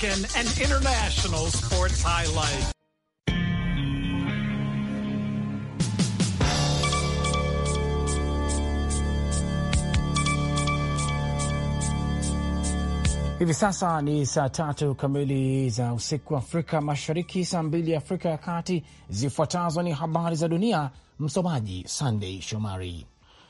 American and international sports highlights. Hivi sasa ni saa tatu kamili za usiku Afrika Mashariki, saa mbili Afrika ya Kati. Zifuatazo ni habari za dunia, msomaji Sunday Shomari.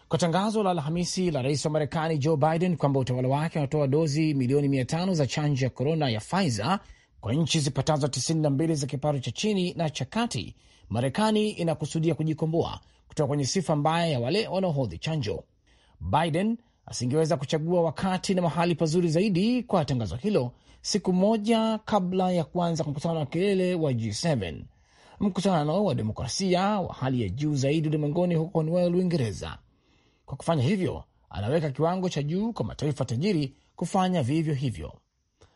Kwa tangazo la Alhamisi la rais wa Marekani Joe Biden kwamba utawala wake unatoa dozi milioni mia tano za chanjo ya korona ya Pfizer kwa nchi zipatazo 92 za kipato cha chini na cha kati, Marekani inakusudia kujikomboa kutoka kwenye sifa mbaya ya wale wanaohodhi chanjo. Biden asingeweza kuchagua wakati na mahali pazuri zaidi kwa tangazo hilo, siku moja kabla ya kuanza kwa mkutano wa kilele wa G7, mkutano wa demokrasia wa hali ya juu zaidi ulimwenguni huko Cornwall, Uingereza. Kwa kufanya hivyo, anaweka kiwango cha juu kwa mataifa tajiri kufanya vivyo hivyo.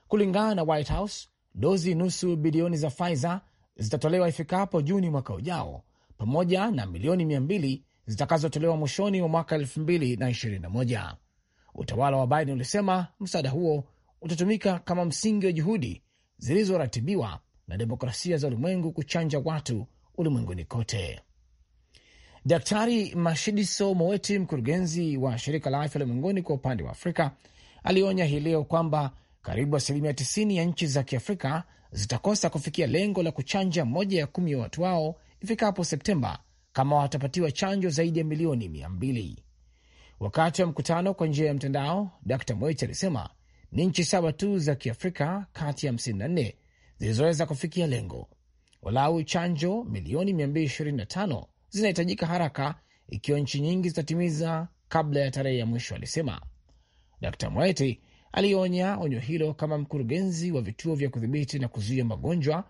Kulingana na White House, dozi nusu bilioni za Pfizer zitatolewa ifikapo Juni mwaka ujao pamoja na milioni mia mbili zitakazotolewa mwishoni mwa mwaka elfu mbili na ishirini na moja. Utawala wa Biden ulisema msaada huo utatumika kama msingi wa juhudi zilizoratibiwa na demokrasia za ulimwengu kuchanja watu ulimwenguni kote. Daktari Mashidiso Moeti, mkurugenzi wa shirika la afya ulimwenguni kwa upande wa Afrika, alionya hii leo kwamba karibu asilimia 90 ya nchi za kiafrika zitakosa kufikia lengo la kuchanja moja ya kumi ya watu wao ifikapo Septemba kama watapatiwa chanjo zaidi ya milioni mia mbili. Wakati wa mkutano kwa njia ya mtandao, Dr Moeti alisema ni nchi saba tu za kiafrika kati ya 54 zilizoweza kufikia lengo. Walau chanjo milioni 225 zinahitajika haraka ikiwa nchi nyingi zitatimiza kabla ya tarehe ya mwisho, alisema. d Mwete alionya onyo hilo kama mkurugenzi wa vituo vya kudhibiti na kuzuia magonjwa.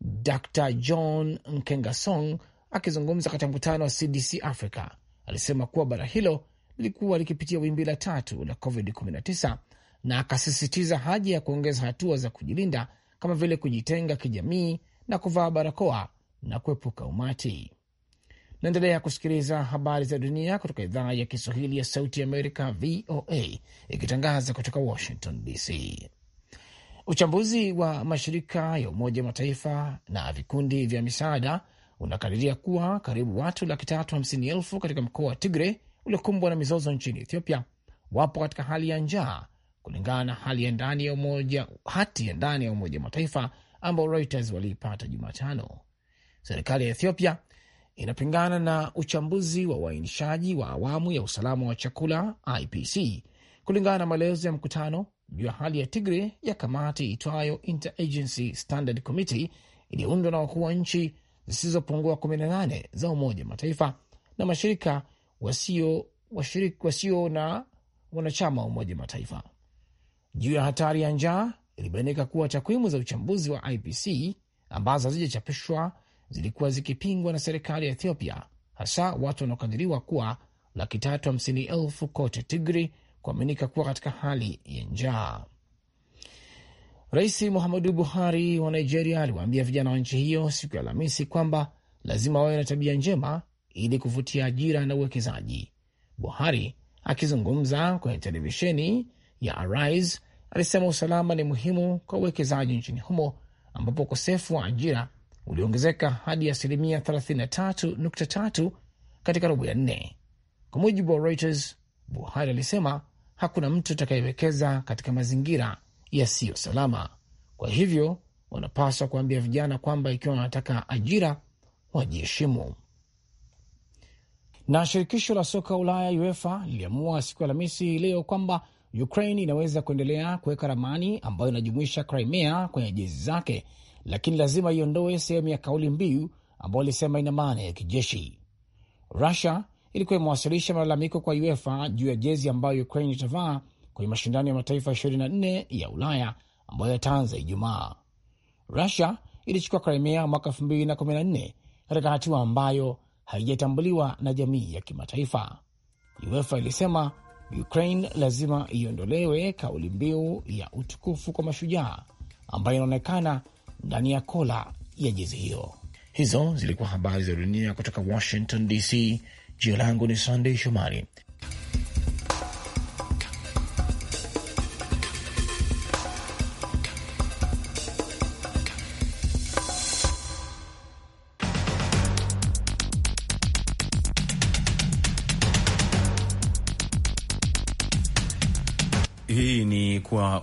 Dr John Nkengasong akizungumza katika mkutano wa CDC Africa alisema kuwa bara hilo lilikuwa likipitia wimbi la tatu la COVID-19 na akasisitiza haja ya kuongeza hatua za kujilinda kama vile kujitenga kijamii na kuvaa barakoa na kuepuka umati. Naendelea kusikiliza habari za dunia kutoka idhaa ya Kiswahili ya Sauti Amerika, VOA, ikitangaza kutoka Washington DC. Uchambuzi wa mashirika ya Umoja wa Mataifa na vikundi vya misaada unakadiria kuwa karibu watu laki tatu hamsini elfu katika mkoa wa Tigre uliokumbwa na mizozo nchini Ethiopia wapo katika hali ya njaa, kulingana na hali ya ndani ya umoja, hati ya ndani ya Umoja wa Mataifa ambao Reuters waliipata Jumatano. Serikali ya Ethiopia inapingana na uchambuzi wa uainishaji wa awamu ya usalama wa chakula IPC kulingana na maelezo ya mkutano juu ya hali ya Tigre ya kamati itwayo Interagency Standard Committee iliyoundwa na wakuu wa nchi zisizopungua 18 za Umoja wa Mataifa na mashirika wasio, washirik, wasio na wanachama wa Umoja wa Mataifa juu ya hatari ya njaa. Ilibainika kuwa takwimu za uchambuzi wa IPC ambazo hazijachapishwa zilikuwa zikipingwa na serikali ya Ethiopia, hasa watu wanaokadiriwa kuwa laki tatu hamsini elfu kote Tigri, kuaminika kuwa katika hali ya njaa. Rais Muhammadu Buhari wa Nigeria aliwaambia vijana wa nchi hiyo siku ya Alhamisi kwamba lazima wawe na tabia njema ili kuvutia ajira na uwekezaji. Buhari akizungumza kwenye televisheni ya Arise alisema usalama ni muhimu kwa uwekezaji nchini humo ambapo ukosefu wa ajira uliongezeka hadi asilimia 33.3 katika robo ya nne, kwa mujibu wa Reuters. Buhari alisema hakuna mtu atakayewekeza katika mazingira yasiyo salama, kwa hivyo wanapaswa kuambia vijana kwamba ikiwa wanataka ajira wajiheshimu. Na shirikisho la soka Ulaya UEFA liliamua siku ya Alhamisi leo kwamba Ukraine inaweza kuendelea kuweka ramani ambayo inajumuisha Crimea kwenye jezi zake lakini lazima iondoe sehemu ya kauli mbiu ambayo ilisema ina maana ya kijeshi. Rusia ilikuwa imewasilisha malalamiko kwa UEFA juu ya jezi ambayo Ukraine itavaa kwenye mashindano ya mataifa 24 ya Ulaya ambayo yataanza Ijumaa. Rusia ilichukua Crimea mwaka 2014 katika hatua ambayo haijatambuliwa na jamii ya kimataifa. UEFA ilisema Ukraine lazima iondolewe kauli mbiu ya utukufu kwa mashujaa ambayo inaonekana ndani ya kola ya jezi hiyo. Hizo zilikuwa habari za dunia kutoka Washington DC. Jina langu ni Sandey Shomari.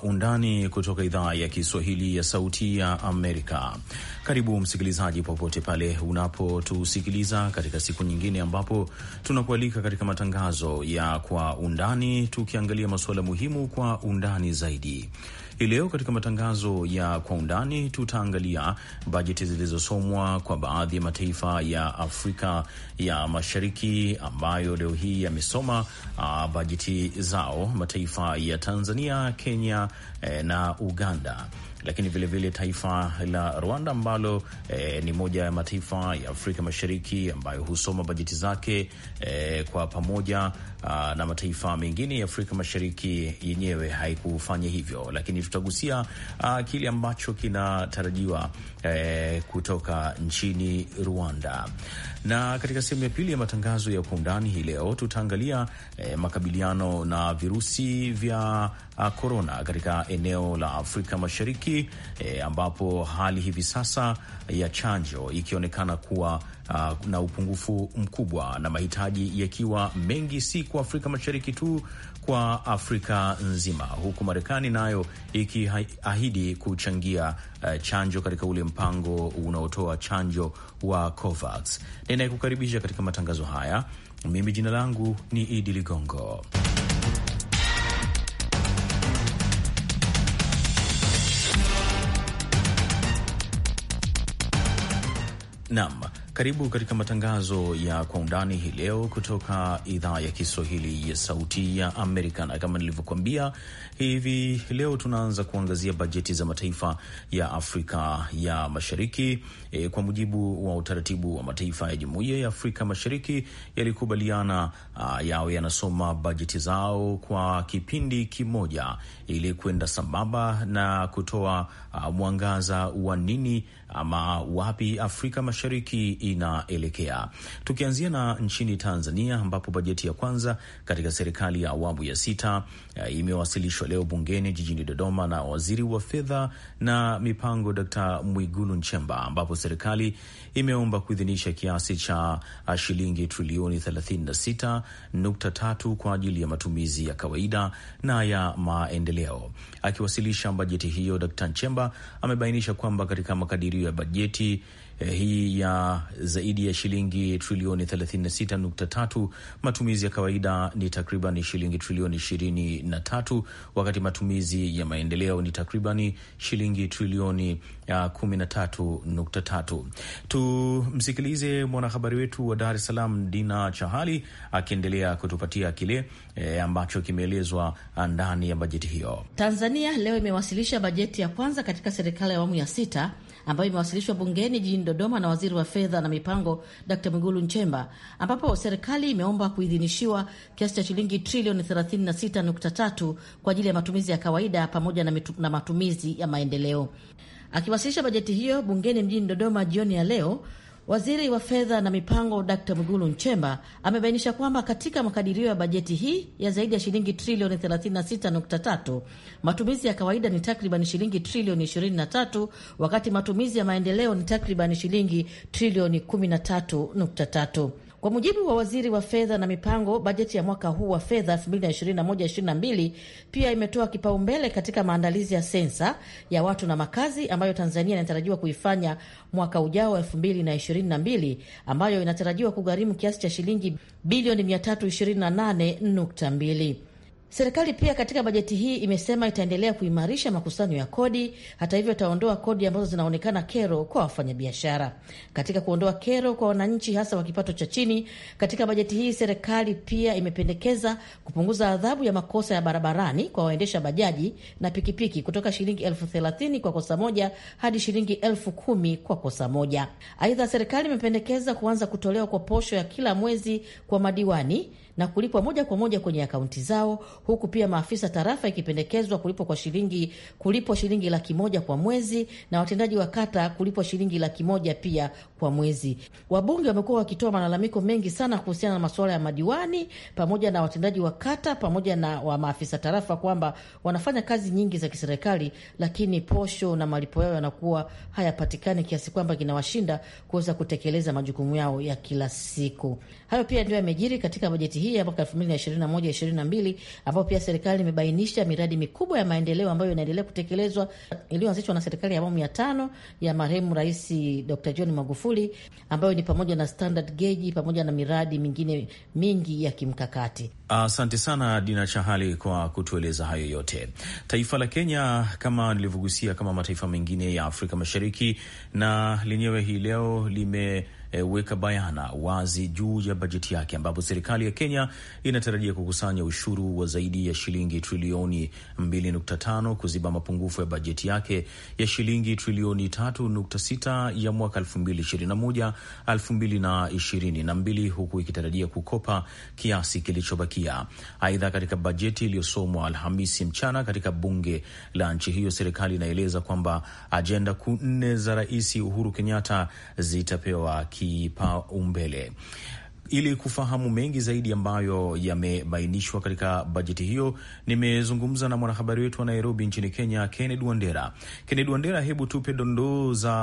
undani kutoka idhaa ya Kiswahili ya Sauti ya Amerika. Karibu msikilizaji, popote pale unapotusikiliza katika siku nyingine ambapo tunakualika katika matangazo ya kwa undani, tukiangalia masuala muhimu kwa undani zaidi. Hii leo katika matangazo ya kwa undani tutaangalia bajeti zilizosomwa kwa baadhi ya mataifa ya Afrika ya Mashariki ambayo leo hii yamesoma ah, bajeti zao, mataifa ya Tanzania, Kenya eh, na Uganda lakini vilevile vile taifa la Rwanda ambalo eh, ni moja ya mataifa ya Afrika Mashariki ambayo husoma bajeti zake eh, kwa pamoja uh, na mataifa mengine ya Afrika Mashariki yenyewe haikufanya hivyo, lakini tutagusia uh, kile ambacho kinatarajiwa eh, kutoka nchini Rwanda. Na katika sehemu ya pili ya matangazo ya kwa undani hii leo tutaangalia eh, makabiliano na virusi vya korona ah, katika eneo la Afrika Mashariki eh, ambapo hali hivi sasa ya chanjo ikionekana kuwa uh, na upungufu mkubwa na mahitaji yakiwa mengi si kwa Afrika Mashariki tu kwa Afrika nzima, huku Marekani nayo ikiahidi kuchangia uh, chanjo katika ule mpango unaotoa chanjo wa COVAX. Ninayekukaribisha katika matangazo haya mimi, jina langu ni Idi Ligongo. Naam. Karibu katika matangazo ya kwa undani hii leo kutoka idhaa ya Kiswahili ya Sauti ya Amerika, na kama nilivyokuambia hivi leo tunaanza kuangazia bajeti za mataifa ya Afrika ya Mashariki e, kwa mujibu wa utaratibu wa mataifa ya Jumuiya ya Afrika Mashariki yalikubaliana yawe yanasoma bajeti zao kwa kipindi kimoja ili kwenda sambamba na kutoa mwangaza wa nini ama wapi Afrika Mashariki inaelekea. Tukianzia na nchini Tanzania ambapo bajeti ya kwanza katika serikali ya awamu ya sita Eh, imewasilishwa leo bungeni jijini Dodoma na waziri wa fedha na mipango Dkt. Mwigulu Nchemba, ambapo serikali imeomba kuidhinisha kiasi cha eh, shilingi trilioni 36.3 kwa ajili ya matumizi ya kawaida na ya maendeleo. Akiwasilisha bajeti hiyo, Dkt. Nchemba amebainisha kwamba katika makadirio ya bajeti Eh, hii ya zaidi ya shilingi trilioni 36.3. Matumizi ya kawaida ni takriban shilingi trilioni 23, wakati matumizi ya maendeleo ni takriban shilingi trilioni 13.3. Tumsikilize mwanahabari wetu wa Dar es Salaam Dina Chahali akiendelea kutupatia kile e, ambacho kimeelezwa ah, ndani ya bajeti hiyo. Tanzania leo imewasilisha bajeti ya kwanza katika serikali ya awamu ya sita ambayo imewasilishwa bungeni jijini Dodoma na waziri wa fedha na mipango d Mwigulu Nchemba, ambapo serikali imeomba kuidhinishiwa kiasi cha shilingi trilioni 36.3 kwa ajili ya matumizi ya kawaida pamoja na matumizi ya maendeleo. Akiwasilisha bajeti hiyo bungeni mjini Dodoma jioni ya leo, Waziri wa fedha na mipango Dkt Mwigulu Nchemba amebainisha kwamba katika makadirio ya bajeti hii ya zaidi ya shilingi trilioni 36.3 matumizi ya kawaida ni takriban shilingi trilioni 23, wakati matumizi ya maendeleo ni takriban shilingi trilioni 13.3. Kwa mujibu wa waziri wa fedha na mipango, bajeti ya mwaka huu wa fedha 2021/2022 pia imetoa kipaumbele katika maandalizi ya sensa ya watu na makazi ambayo Tanzania inatarajiwa kuifanya mwaka ujao 2022, ambayo inatarajiwa kugharimu kiasi cha shilingi bilioni 328.2. Serikali pia katika bajeti hii imesema itaendelea kuimarisha makusanyo ya kodi. Hata hivyo, itaondoa kodi ambazo zinaonekana kero kwa wafanyabiashara. Katika kuondoa kero kwa wananchi, hasa wa kipato cha chini, katika bajeti hii serikali pia imependekeza kupunguza adhabu ya makosa ya barabarani kwa waendesha bajaji na pikipiki kutoka shilingi elfu thelathini kwa kosa moja hadi shilingi elfu kumi kwa kosa moja. Aidha, serikali imependekeza kuanza kutolewa kwa posho ya kila mwezi kwa madiwani na kulipwa moja kwa moja kwenye akaunti zao, huku pia maafisa tarafa ikipendekezwa kulipwa kwa shilingi kulipwa shilingi laki moja kwa mwezi na watendaji wa kata kulipwa shilingi laki moja pia kwa mwezi. Wabunge wamekuwa wakitoa malalamiko mengi sana kuhusiana na masuala ya madiwani pamoja na watendaji wa kata pamoja na wa maafisa tarafa kwamba wanafanya kazi nyingi za kiserikali, lakini posho na malipo yao yanakuwa hayapatikani kiasi kwamba kinawashinda kuweza kutekeleza majukumu yao ya kila siku. Hayo pia ndio yamejiri katika bajeti hii ya mwaka 2021 ambapo pia serikali imebainisha miradi mikubwa ya maendeleo ambayo inaendelea kutekelezwa iliyoanzishwa na serikali ya awamu ya tano ya marehemu Rais Dr John Magufuli, ambayo ni pamoja na standard geji pamoja na miradi mingine mingi ya kimkakati. Asante sana Dina Chahali kwa kutueleza hayo yote. Taifa la Kenya kama nilivyogusia, kama mataifa mengine ya Afrika Mashariki, na lenyewe hii leo lime E, weka bayana wazi juu ya bajeti yake, ambapo serikali ya Kenya inatarajia kukusanya ushuru wa zaidi ya shilingi trilioni 2.5 kuziba mapungufu ya bajeti yake ya shilingi trilioni 3.6 ya mwaka 2021 2022, huku ikitarajia kukopa kiasi kilichobakia. Aidha, katika bajeti iliyosomwa Alhamisi mchana katika bunge la nchi hiyo, serikali inaeleza kwamba ajenda nne za Rais Uhuru Kenyatta zitapewa kipaumbele. Ili kufahamu mengi zaidi ambayo yamebainishwa katika bajeti hiyo, nimezungumza na mwanahabari wetu wa Nairobi nchini Kenya, Kennedy Wandera. Kennedy Wandera, hebu tupe dondoo za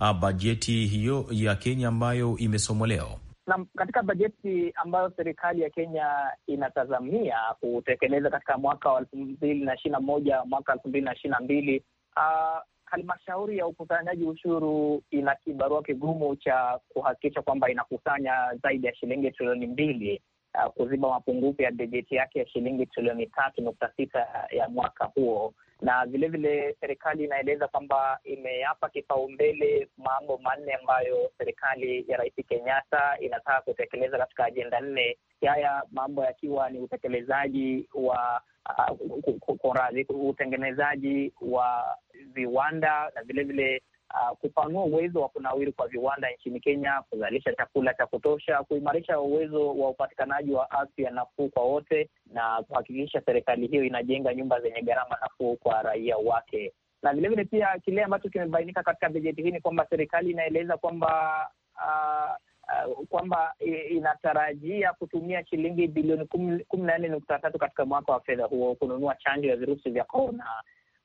ah, bajeti hiyo ya Kenya ambayo imesomwa leo. Na katika bajeti ambayo serikali ya Kenya inatazamia kutekeleza katika mwaka wa elfu mbili na ishirini na moja mwaka elfu mbili na ishirini na mbili ah, halmashauri ya ukusanyaji ushuru ina kibarua kigumu cha kuhakikisha kwamba inakusanya zaidi ya shilingi trilioni mbili uh, kuziba mapungufu ya bajeti yake ya shilingi trilioni tatu nukta sita ya mwaka huo na vilevile serikali inaeleza kwamba imeyapa kipaumbele mambo manne ambayo serikali ya Rais Kenyatta inataka kutekeleza katika ajenda nne. Haya mambo yakiwa ni utekelezaji wa Uh, kuradhi utengenezaji wa viwanda na vilevile Uh, kupanua uwezo wa kunawiri kwa viwanda nchini Kenya, kuzalisha chakula cha kutosha, kuimarisha uwezo wa upatikanaji wa afya nafuu kwa wote, na kuhakikisha serikali hiyo inajenga nyumba zenye gharama nafuu kwa raia wake. Na vilevile pia kile ambacho kimebainika katika bajeti hii ni kwamba serikali inaeleza kwamba uh, uh, kwamba inatarajia kutumia shilingi bilioni kumi na nne nukta tatu katika mwaka wa fedha huo kununua chanjo ya virusi vya korona.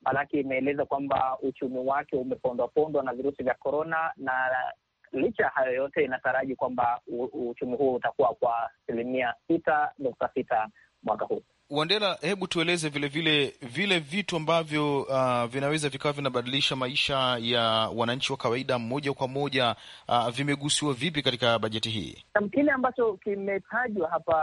Maanake imeeleza kwamba uchumi wake umepondwapondwa na virusi vya korona, na licha ya hayo yote inataraji kwamba uchumi huo utakuwa kwa asilimia sita nukta sita mwaka huu. Wandela, hebu tueleze vilevile vile, vile vitu ambavyo uh, vinaweza vikawa vinabadilisha maisha ya wananchi wa kawaida moja kwa moja uh, vimegusiwa vipi katika bajeti hii? Kile ambacho kimetajwa hapa,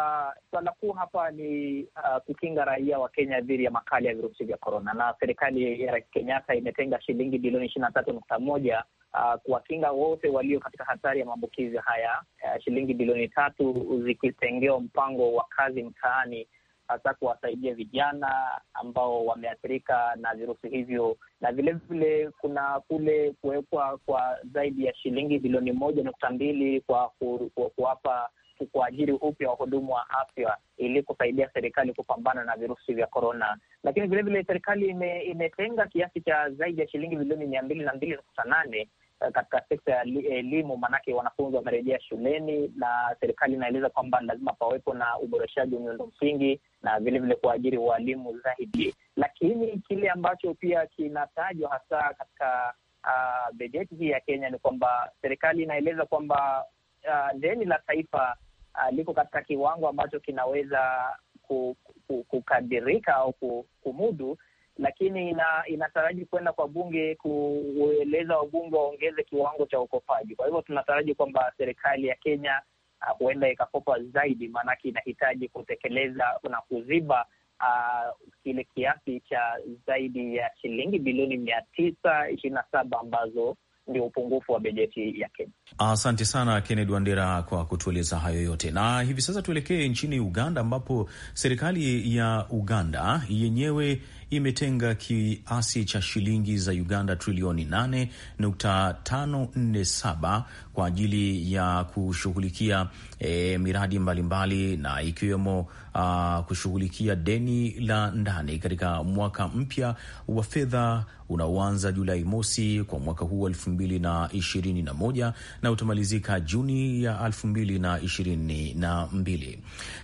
swala kuu hapa ni uh, kukinga raia wa Kenya dhidi ya makali ya virusi vya korona, na serikali ya Rais Kenyatta imetenga shilingi bilioni ishirini na tatu nukta moja Uh, kuwakinga wote walio katika hatari ya maambukizi haya, uh, shilingi bilioni tatu zikitengewa mpango wa kazi mtaani hasa kuwasaidia vijana ambao wameathirika na virusi hivyo, na vilevile kuna kule kuwekwa kwa zaidi ya shilingi bilioni moja nukta mbili kwa kuwapa kuajiri upya wahudumu wa afya ili kusaidia serikali kupambana na virusi vya korona. Lakini vilevile serikali imetenga kiasi cha zaidi ya shilingi bilioni mia mbili na mbili nukta nane Eh, katika sekta ya eh, elimu, maanake wanafunzi wamerejea shuleni na serikali inaeleza kwamba lazima pawepo na uboreshaji wa miundo msingi na vilevile kuajiri walimu zaidi. Lakini kile ambacho pia kinatajwa hasa katika uh, bajeti hii ya Kenya ni kwamba serikali inaeleza kwamba uh, deni la taifa uh, liko katika kiwango ambacho kinaweza kukadirika au kumudu lakini ina, inataraji kwenda kwa bunge kueleza wabunge waongeze kiwango cha ukopaji. Kwa hivyo tunataraji kwamba serikali ya Kenya ah, huenda uh, ikakopa zaidi, maanake inahitaji kutekeleza na kuziba uh, kile kiasi cha zaidi ya shilingi bilioni mia tisa ishirini na saba ambazo ndio upungufu wa bajeti ya Kenya. Asante sana Kennedy Wandera kwa kutueleza hayo yote, na hivi sasa tuelekee nchini Uganda ambapo serikali ya Uganda yenyewe imetenga kiasi cha shilingi za Uganda trilioni 8.547 kwa ajili ya kushughulikia e, miradi mbalimbali na ikiwemo uh, kushughulikia deni la ndani katika mwaka mpya wa fedha unaoanza Julai mosi kwa mwaka huu wa elfu mbili na ishirini na moja na utamalizika Juni ya elfu mbili na ishirini na mbili.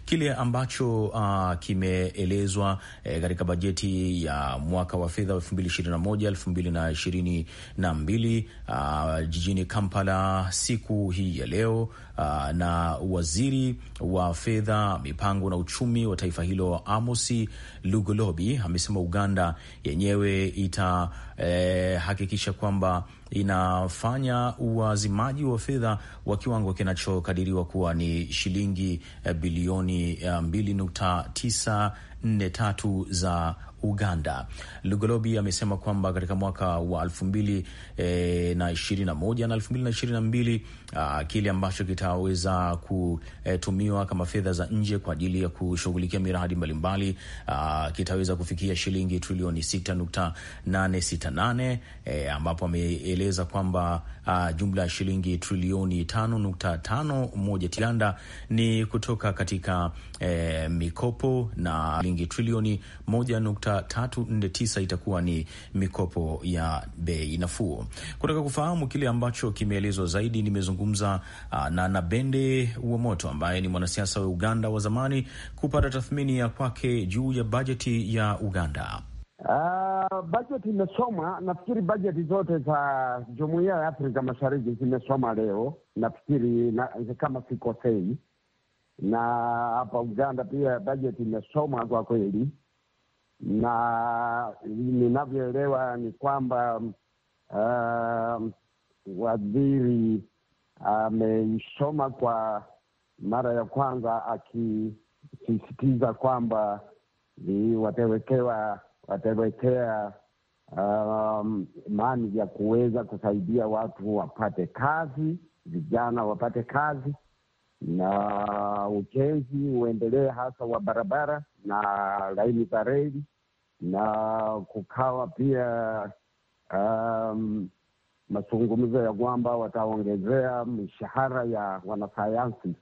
Kile ambacho uh, kimeelezwa eh, katika bajeti ya mwaka wa fedha wa elfu mbili ishirini na moja elfu mbili na ishirini na mbili uh, jijini Kampala siku hii ya leo uh, na waziri wa fedha, mipango na uchumi wa taifa hilo Amosi Lugolobi amesema Uganda yenyewe itahakikisha eh, kwamba inafanya uwazimaji wa fedha wa kiwango kinachokadiriwa kuwa ni shilingi eh, bilioni 2.943 eh, za Uganda. Lugolobi amesema kwamba katika mwaka wa elfu mbili e, na ishirini na moja na elfu mbili na ishirini na mbili ah, kile ambacho kitaweza kutumiwa kama fedha za nje kwa ajili ya kushughulikia miradi mbalimbali ah, kitaweza kufikia shilingi trilioni 6.868 e, eh, ambapo ameeleza kwamba uh, jumla ya shilingi trilioni tano tilanda ni kutoka katika eh, mikopo na shilingi trilioni moja nukta tatu nne tisa itakuwa ni mikopo ya bei nafuu. Kutaka kufahamu kile ambacho kimeelezwa zaidi, nimezungumza uh, na Nabende Uomoto ambaye ni mwanasiasa wa Uganda wa zamani kupata tathmini ya kwake juu ya bajeti ya Uganda. Ah bajeti imesoma, nafikiri bajeti zote za Jumuiya ya Afrika Mashariki zimesoma leo, nafikiri na, kama sikosei, na hapa Uganda pia bajeti imesoma kwa kweli, na ninavyoelewa ni kwamba uh, waziri ameisoma uh, kwa mara ya kwanza akisisitiza kwamba watawekewa watawekea um, ya kuweza kusaidia watu wapate kazi, vijana wapate kazi na ujenzi uendelee, hasa wa barabara na laini za reli, na kukawa pia um, mazungumzo ya kwamba wataongezea mishahara ya wanasayansi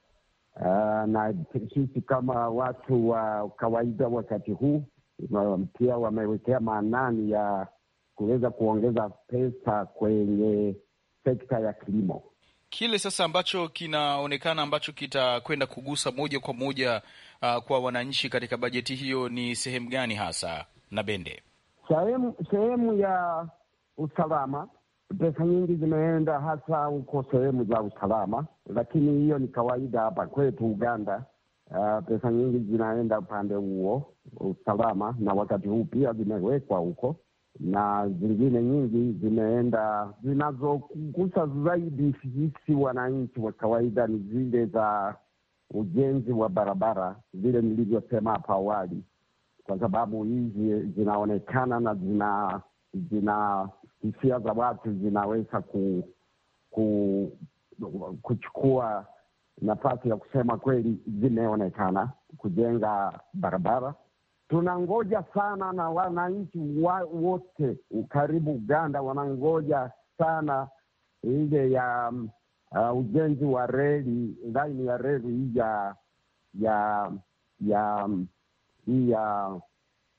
uh, na sisi kama watu wa kawaida wakati huu pia wamewekea maanani ya kuweza kuongeza pesa kwenye sekta ya kilimo. Kile sasa ambacho kinaonekana ambacho kitakwenda kugusa moja kwa moja uh, kwa wananchi katika bajeti hiyo ni sehemu gani hasa? na Bende, sehemu sehemu ya usalama, pesa nyingi zimeenda hasa huko sehemu za usalama, lakini hiyo ni kawaida hapa kwetu Uganda Uh, pesa nyingi zinaenda upande huo usalama, na wakati huu pia zimewekwa huko, na zingine nyingi zimeenda zinazogusa zaidi sisi wananchi wa kawaida ni zile za ujenzi wa barabara, vile nilivyosema hapo awali, kwa sababu hizi zinaonekana na zina zina hisia za watu zinaweza ku, ku, kuchukua nafasi ya kusema kweli zimeonekana kujenga barabara. Tunangoja sana na wananchi wa wote karibu Uganda wanangoja sana ile ya um, uh, ujenzi wa reli laini ya reli hii ya ya ya um, ya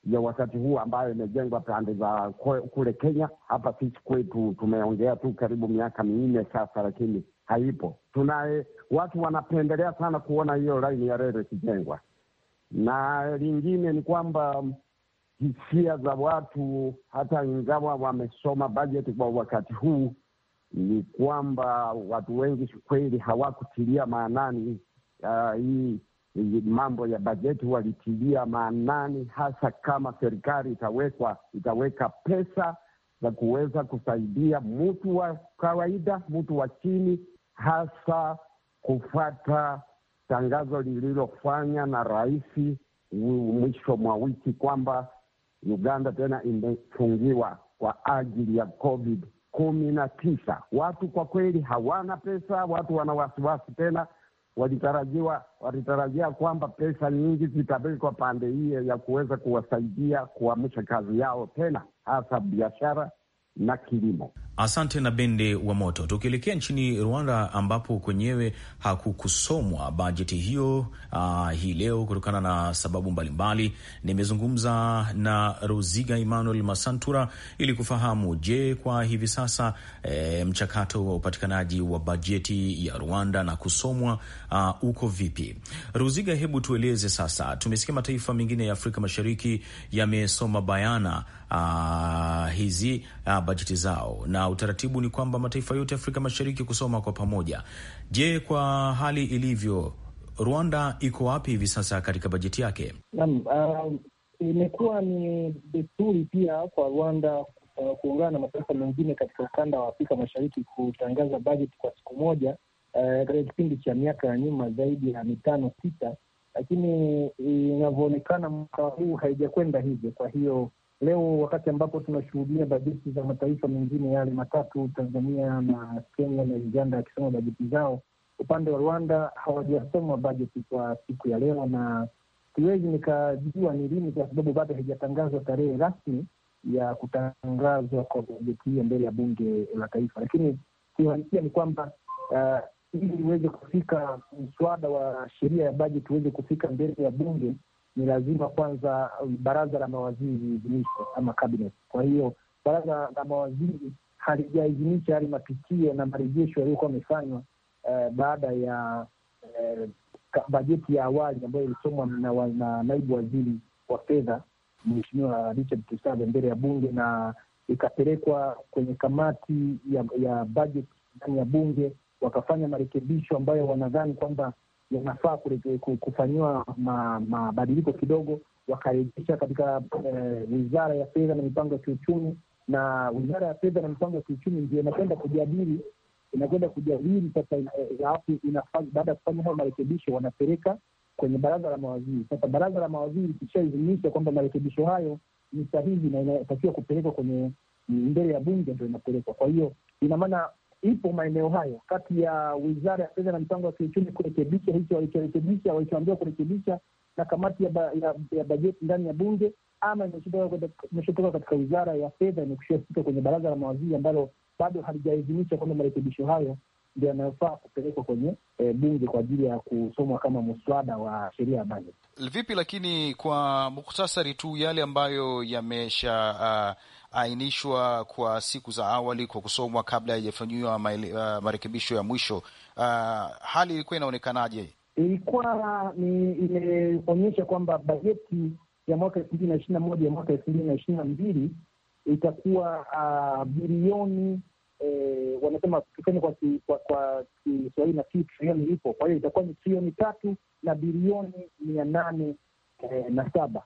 ya wakati huu ambayo imejengwa pande za kule Kenya. Hapa sisi kwetu tumeongea tu karibu miaka minne sasa, lakini haipo. Tunaye watu wanapendelea sana kuona hiyo laini ya reli ikijengwa, na lingine ni kwamba hisia za watu, hata ingawa wamesoma bajeti kwa wakati huu, ni kwamba watu wengi kweli hawakutilia maanani uh, mambo ya bajeti walitilia maanani hasa kama serikali itawekwa itaweka pesa za kuweza kusaidia mtu wa kawaida, mtu wa chini, hasa kufata tangazo lililofanya na rais mwisho mwa wiki kwamba Uganda tena imefungiwa kwa ajili ya COVID kumi na tisa. Watu kwa kweli hawana pesa, watu wana wasiwasi tena. Walitarajiwa, walitarajia kwamba pesa nyingi zitapelekwa pande hiyo ya kuweza kuwasaidia kuamsha kazi yao tena, hasa biashara na kilimo. Asante na Bende wa Moto. Tukielekea nchini Rwanda, ambapo kwenyewe hakukusomwa bajeti hiyo uh, hii leo kutokana na sababu mbalimbali. Nimezungumza na roziga Emmanuel Masantura ili kufahamu, je, kwa hivi sasa eh, mchakato wa upatikanaji wa bajeti ya Rwanda na kusomwa uh, uko vipi? Roziga, hebu tueleze sasa. Tumesikia mataifa mengine ya Afrika Mashariki yamesoma bayana uh, hizi uh, bajeti zao na utaratibu ni kwamba mataifa yote Afrika Mashariki kusoma kwa pamoja. Je, kwa hali ilivyo Rwanda iko wapi hivi sasa katika bajeti yake? Naam, uh, imekuwa ni desturi pia kwa Rwanda uh, kuungana na mataifa mengine katika ukanda wa Afrika Mashariki kutangaza bajeti kwa siku moja uh, katika uh, kipindi cha miaka ya nyuma zaidi ya mitano sita, lakini eh, inavyoonekana mwaka huu haijakwenda hivyo. Kwa hiyo Leo wakati ambapo tunashuhudia bajeti za mataifa mengine yale matatu, Tanzania na Kenya na Uganda akisoma bajeti zao, upande wa Rwanda hawajasoma bajeti kwa siku ya leo, na siwezi nikajua ni lini, kwa sababu bado haijatangazwa tarehe rasmi ya kutangazwa kwa bajeti hiyo mbele ya bunge la taifa. Lakini kiuhalisia ni kwamba uh, ili uweze kufika mswada wa sheria ya bajeti uweze kufika mbele ya bunge ni lazima kwanza um, baraza la mawaziri liidhinishwe ama cabinet. Kwa hiyo baraza la mawaziri halijaidhinisha yale mapitio na marejesho yaliyokuwa amefanywa eh, baada ya eh, bajeti ya awali ambayo ilisomwa na, na, na naibu waziri wa fedha Mheshimiwa Richard Tusabe mbele ya bunge na ikapelekwa kwenye kamati ya, ya bajeti ndani ya bunge, wakafanya marekebisho ambayo wanadhani kwamba yanafaa kufanyiwa mabadiliko ma kidogo, wakarejesha katika eh, wizara ya fedha na mipango ya kiuchumi. Na wizara ya fedha na mipango ya kiuchumi ndio inakwenda kujadili inakwenda kujadili sasa, eh, baada ya kufanya hayo marekebisho, wanapeleka kwenye baraza la mawaziri. Sasa baraza la mawaziri ikishaidhinisha kwamba marekebisho hayo ni sahihi na inatakiwa kupelekwa kwenye mbele ya bunge, ndo inapelekwa. Kwa hiyo ina maana ipo maeneo hayo kati ya Wizara ya Fedha na Mipango ya Kiuchumi kurekebisha hicho walichorekebisha, walichoambiwa kurekebisha na kamati ya, ba, ya, ya bajeti ndani ya Bunge, ama imeshotoka katika Wizara ya Fedha, imekushafika kwenye Baraza la Mawaziri ambalo bado halijaidhinisha kwamba marekebisho hayo ndio yanayofaa kupelekwa kwenye e, bunge kwa ajili ya kusomwa kama muswada wa sheria ya bajeti. Vipi lakini, kwa muktasari tu yale ambayo yamesha uh, ainishwa kwa siku za awali kwa kusomwa kabla haijafanyiwa uh, marekebisho ya mwisho uh, hali ilikuwa inaonekanaje? Ilikuwa ni imeonyesha kwamba bajeti ya mwaka elfu mbili na ishirini na moja ya mwaka elfu mbili na ishirini na mbili itakuwa uh, bilioni eh, wanasema tuseme kwa Kiswahili kwa, na si trilioni ipo. Kwa hiyo itakuwa ni trilioni tatu na bilioni mia nane eh, na saba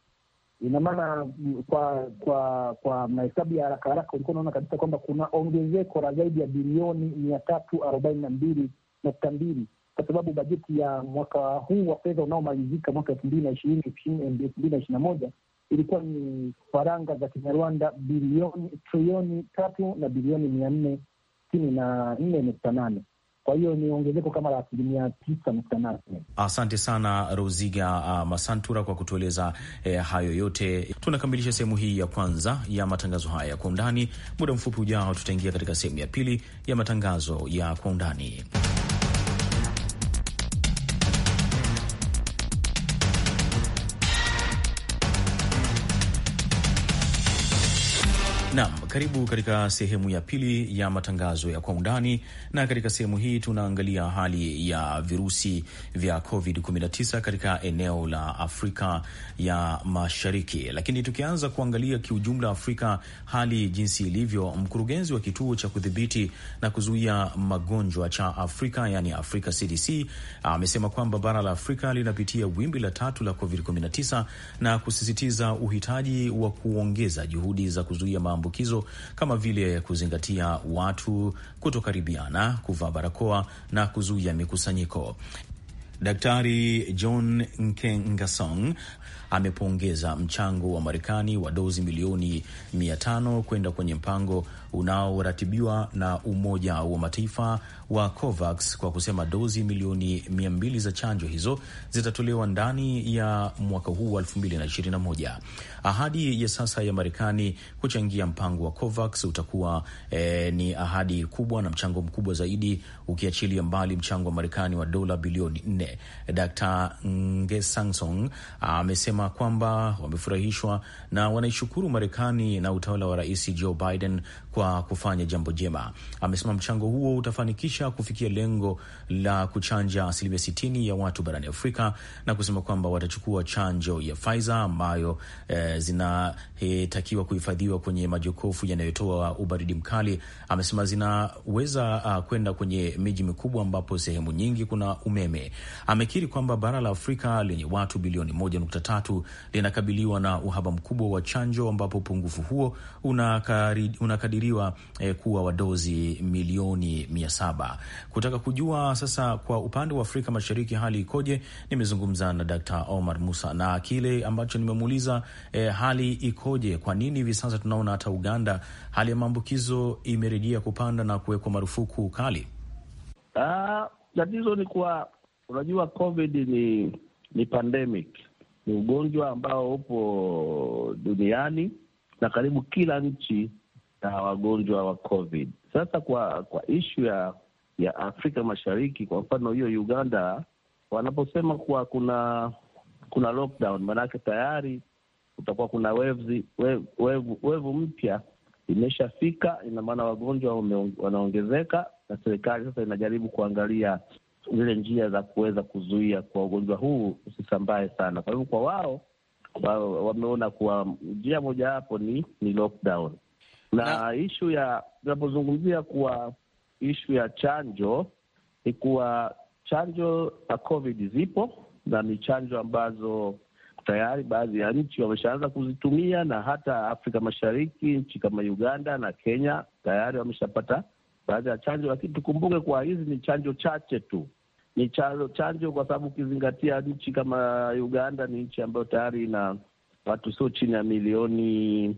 Ina maana mm, kwa kwa kwa mahesabu ya haraka haraka ulikuwa unaona kabisa kwamba kuna ongezeko la zaidi ya bilioni mia tatu arobaini na mbili nukta mbili kwa sababu bajeti ya mwaka huu wa fedha unaomalizika mwaka elfu mbili na ishirini elfu mbili na ishiri na moja ilikuwa ni faranga za Kinyarwanda bilioni trilioni tatu na bilioni mia nne sitini na nne nukta nane kwa hiyo ni ongezeko kama la asilimia tisa nukta nane. Asante sana Roziga uh, Masantura kwa kutueleza eh, hayo yote. Tunakamilisha sehemu hii ya kwanza ya matangazo haya ya kwa undani. Muda mfupi ujao, tutaingia katika sehemu ya pili ya matangazo ya kwa undani. Naam. Karibu katika sehemu ya pili ya matangazo ya kwa undani, na katika sehemu hii tunaangalia hali ya virusi vya COVID-19 katika eneo la Afrika ya Mashariki. Lakini tukianza kuangalia kiujumla Afrika hali jinsi ilivyo, mkurugenzi wa kituo cha kudhibiti na kuzuia magonjwa cha Afrika yani Afrika CDC amesema kwamba bara la Afrika linapitia wimbi la tatu la COVID-19 na kusisitiza uhitaji wa kuongeza juhudi za kuzuia maambukizo kama vile kuzingatia watu kutokaribiana, kuvaa barakoa na kuzuia mikusanyiko. Daktari John Nkengasong amepongeza mchango wa Marekani wa dozi milioni mia tano kwenda kwenye mpango unaoratibiwa na Umoja wa Mataifa wa COVAX kwa kusema dozi milioni 200 za chanjo hizo zitatolewa ndani ya mwaka huu wa 2021. Ahadi ya sasa ya Marekani kuchangia mpango wa COVAX utakuwa e, ni ahadi kubwa na mchango mkubwa zaidi ukiachilia mbali mchango wa Marekani wa dola bilioni 4. Dr. Sangsong amesema kwamba wamefurahishwa na wanaishukuru Marekani na utawala wa Rais Joe Biden kwa kufanya jambo jema. Amesema mchango huo utafanikisha kufikia lengo la kuchanja asilimia sitini ya watu barani Afrika na kusema kwamba watachukua chanjo ya Pfizer ambayo eh, zinatakiwa eh, kuhifadhiwa kwenye majokofu yanayotoa ubaridi mkali. Amesema zinaweza uh, kwenda kwenye miji mikubwa ambapo sehemu nyingi kuna umeme. Amekiri kwamba bara la Afrika lenye watu bilioni moja nukta tatu linakabiliwa na uhaba mkubwa wa chanjo ambapo upungufu huo unakadiriwa inakadiriwa eh, kuwa wadozi milioni mia saba. Kutaka kujua sasa kwa upande wa Afrika Mashariki hali ikoje, nimezungumza na Dr. Omar Musa na kile ambacho nimemuuliza eh, hali ikoje, kwa nini hivi sasa tunaona hata Uganda hali ya maambukizo imerejea kupanda na kuwekwa marufuku kali? Ah, tatizo ni kuwa unajua, COVID ni ni pandemic, ni ugonjwa ambao upo duniani na karibu kila nchi na wagonjwa wa COVID. Sasa kwa kwa ishu ya ya Afrika Mashariki, kwa mfano hiyo Uganda, wanaposema kuwa kuna kuna lockdown, maanake tayari kutakuwa kuna wevzi, wave, wave, mpya imeshafika. Ina maana wagonjwa wanaongezeka, na serikali sasa inajaribu kuangalia zile njia za kuweza kuzuia kwa ugonjwa huu usisambae sana. Kwa hivyo kwa wao wameona kuwa njia mojawapo ni ni lockdown na, na ishu ya tunapozungumzia kuwa ishu ya chanjo ni kuwa chanjo za COVID zipo na ni chanjo ambazo tayari baadhi ya nchi wameshaanza kuzitumia na hata Afrika Mashariki, nchi kama Uganda na Kenya tayari wameshapata baadhi ya chanjo, lakini tukumbuke kuwa hizi ni chanjo chache tu. Ni chanjo, chanjo kwa sababu ukizingatia nchi kama Uganda ni nchi ambayo tayari ina watu sio chini ya milioni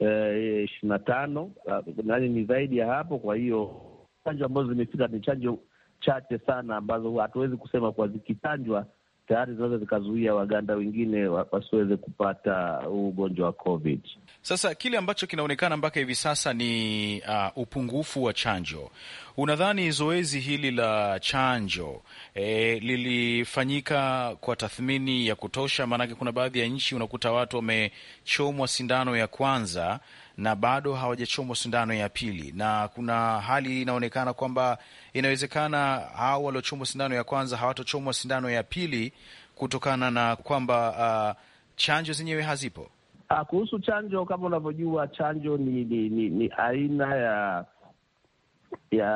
Eh, ishirini na tano ah, nani ni zaidi ya hapo. Kwa hiyo chanjo ambazo zimefika ni chanjo chache sana ambazo hatuwezi kusema kuwa zikichanjwa tayari zinaweza zikazuia Waganda wengine wasiweze kupata huu ugonjwa wa COVID. Sasa kile ambacho kinaonekana mpaka hivi sasa ni uh, upungufu wa chanjo. Unadhani zoezi hili la chanjo e, lilifanyika kwa tathmini ya kutosha? Maanake kuna baadhi ya nchi unakuta watu wamechomwa sindano ya kwanza na bado hawajachomwa sindano ya pili, na kuna hali inaonekana kwamba inawezekana hao waliochomwa sindano ya kwanza hawatochomwa sindano ya pili kutokana na kwamba uh, chanjo zenyewe hazipo. Ah, kuhusu chanjo kama unavyojua chanjo ni, ni, ni, ni aina ya ya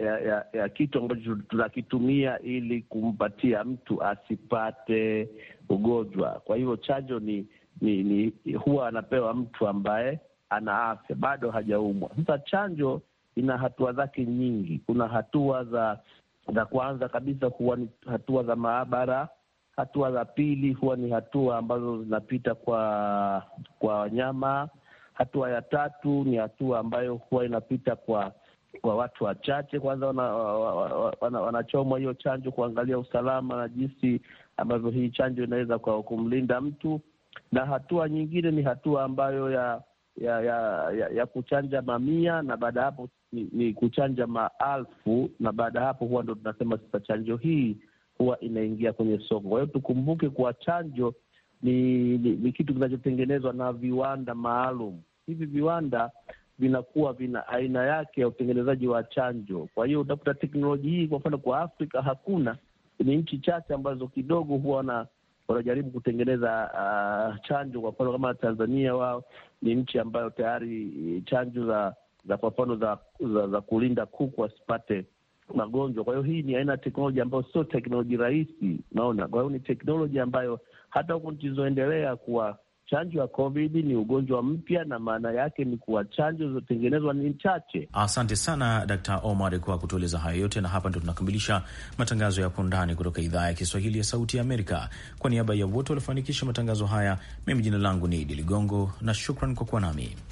ya, ya, ya kitu ambacho tunakitumia ili kumpatia mtu asipate ugonjwa. Kwa hivyo chanjo ni, ni, ni huwa anapewa mtu ambaye ana afya bado hajaumwa. Sasa chanjo ina hatua zake nyingi. Kuna hatua za za kwanza kabisa huwa ni hatua za maabara Hatua za pili huwa ni hatua ambazo zinapita kwa kwa wanyama. Hatua ya tatu ni hatua ambayo huwa inapita kwa kwa watu wachache. Kwanza wanachomwa wana, wana, hiyo chanjo kuangalia usalama na jinsi ambavyo hii chanjo inaweza kwa kumlinda mtu, na hatua nyingine ni hatua ambayo ya ya ya, ya, ya kuchanja mamia na baada ya hapo ni, ni kuchanja maalfu na baada ya hapo huwa ndo tunasema sasa chanjo hii huwa inaingia kwenye soko. Kwa hiyo tukumbuke kuwa chanjo ni, ni, ni kitu kinachotengenezwa na viwanda maalum. Hivi viwanda vinakuwa vina aina yake ya utengenezaji wa chanjo. Kwa hiyo utakuta teknolojia hii, kwa mfano, kwa Afrika hakuna, ni nchi chache ambazo kidogo huwa wanajaribu kutengeneza uh, chanjo. Kwa mfano kama Tanzania, wao ni nchi ambayo tayari eh, chanjo za za kwa mfano za, za, za kulinda kuku wasipate magonjwa. Kwa hiyo hii ni aina ya teknoloji ambayo sio teknoloji rahisi, unaona. Kwa hiyo ni teknoloji ambayo hata huku nchi zilizoendelea kuwa chanjo ya COVID ni ugonjwa mpya, na maana yake ni kuwa chanjo zilizotengenezwa ni chache. Asante sana Dr. Omar kwa kutueleza hayo yote, na hapa ndo tunakamilisha matangazo ya Kwa Undani kutoka idhaa ya Kiswahili ya Sauti ya Amerika. Kwa niaba ya wote waliofanikisha matangazo haya, mimi jina langu ni Idi Ligongo na shukran kwa kuwa nami.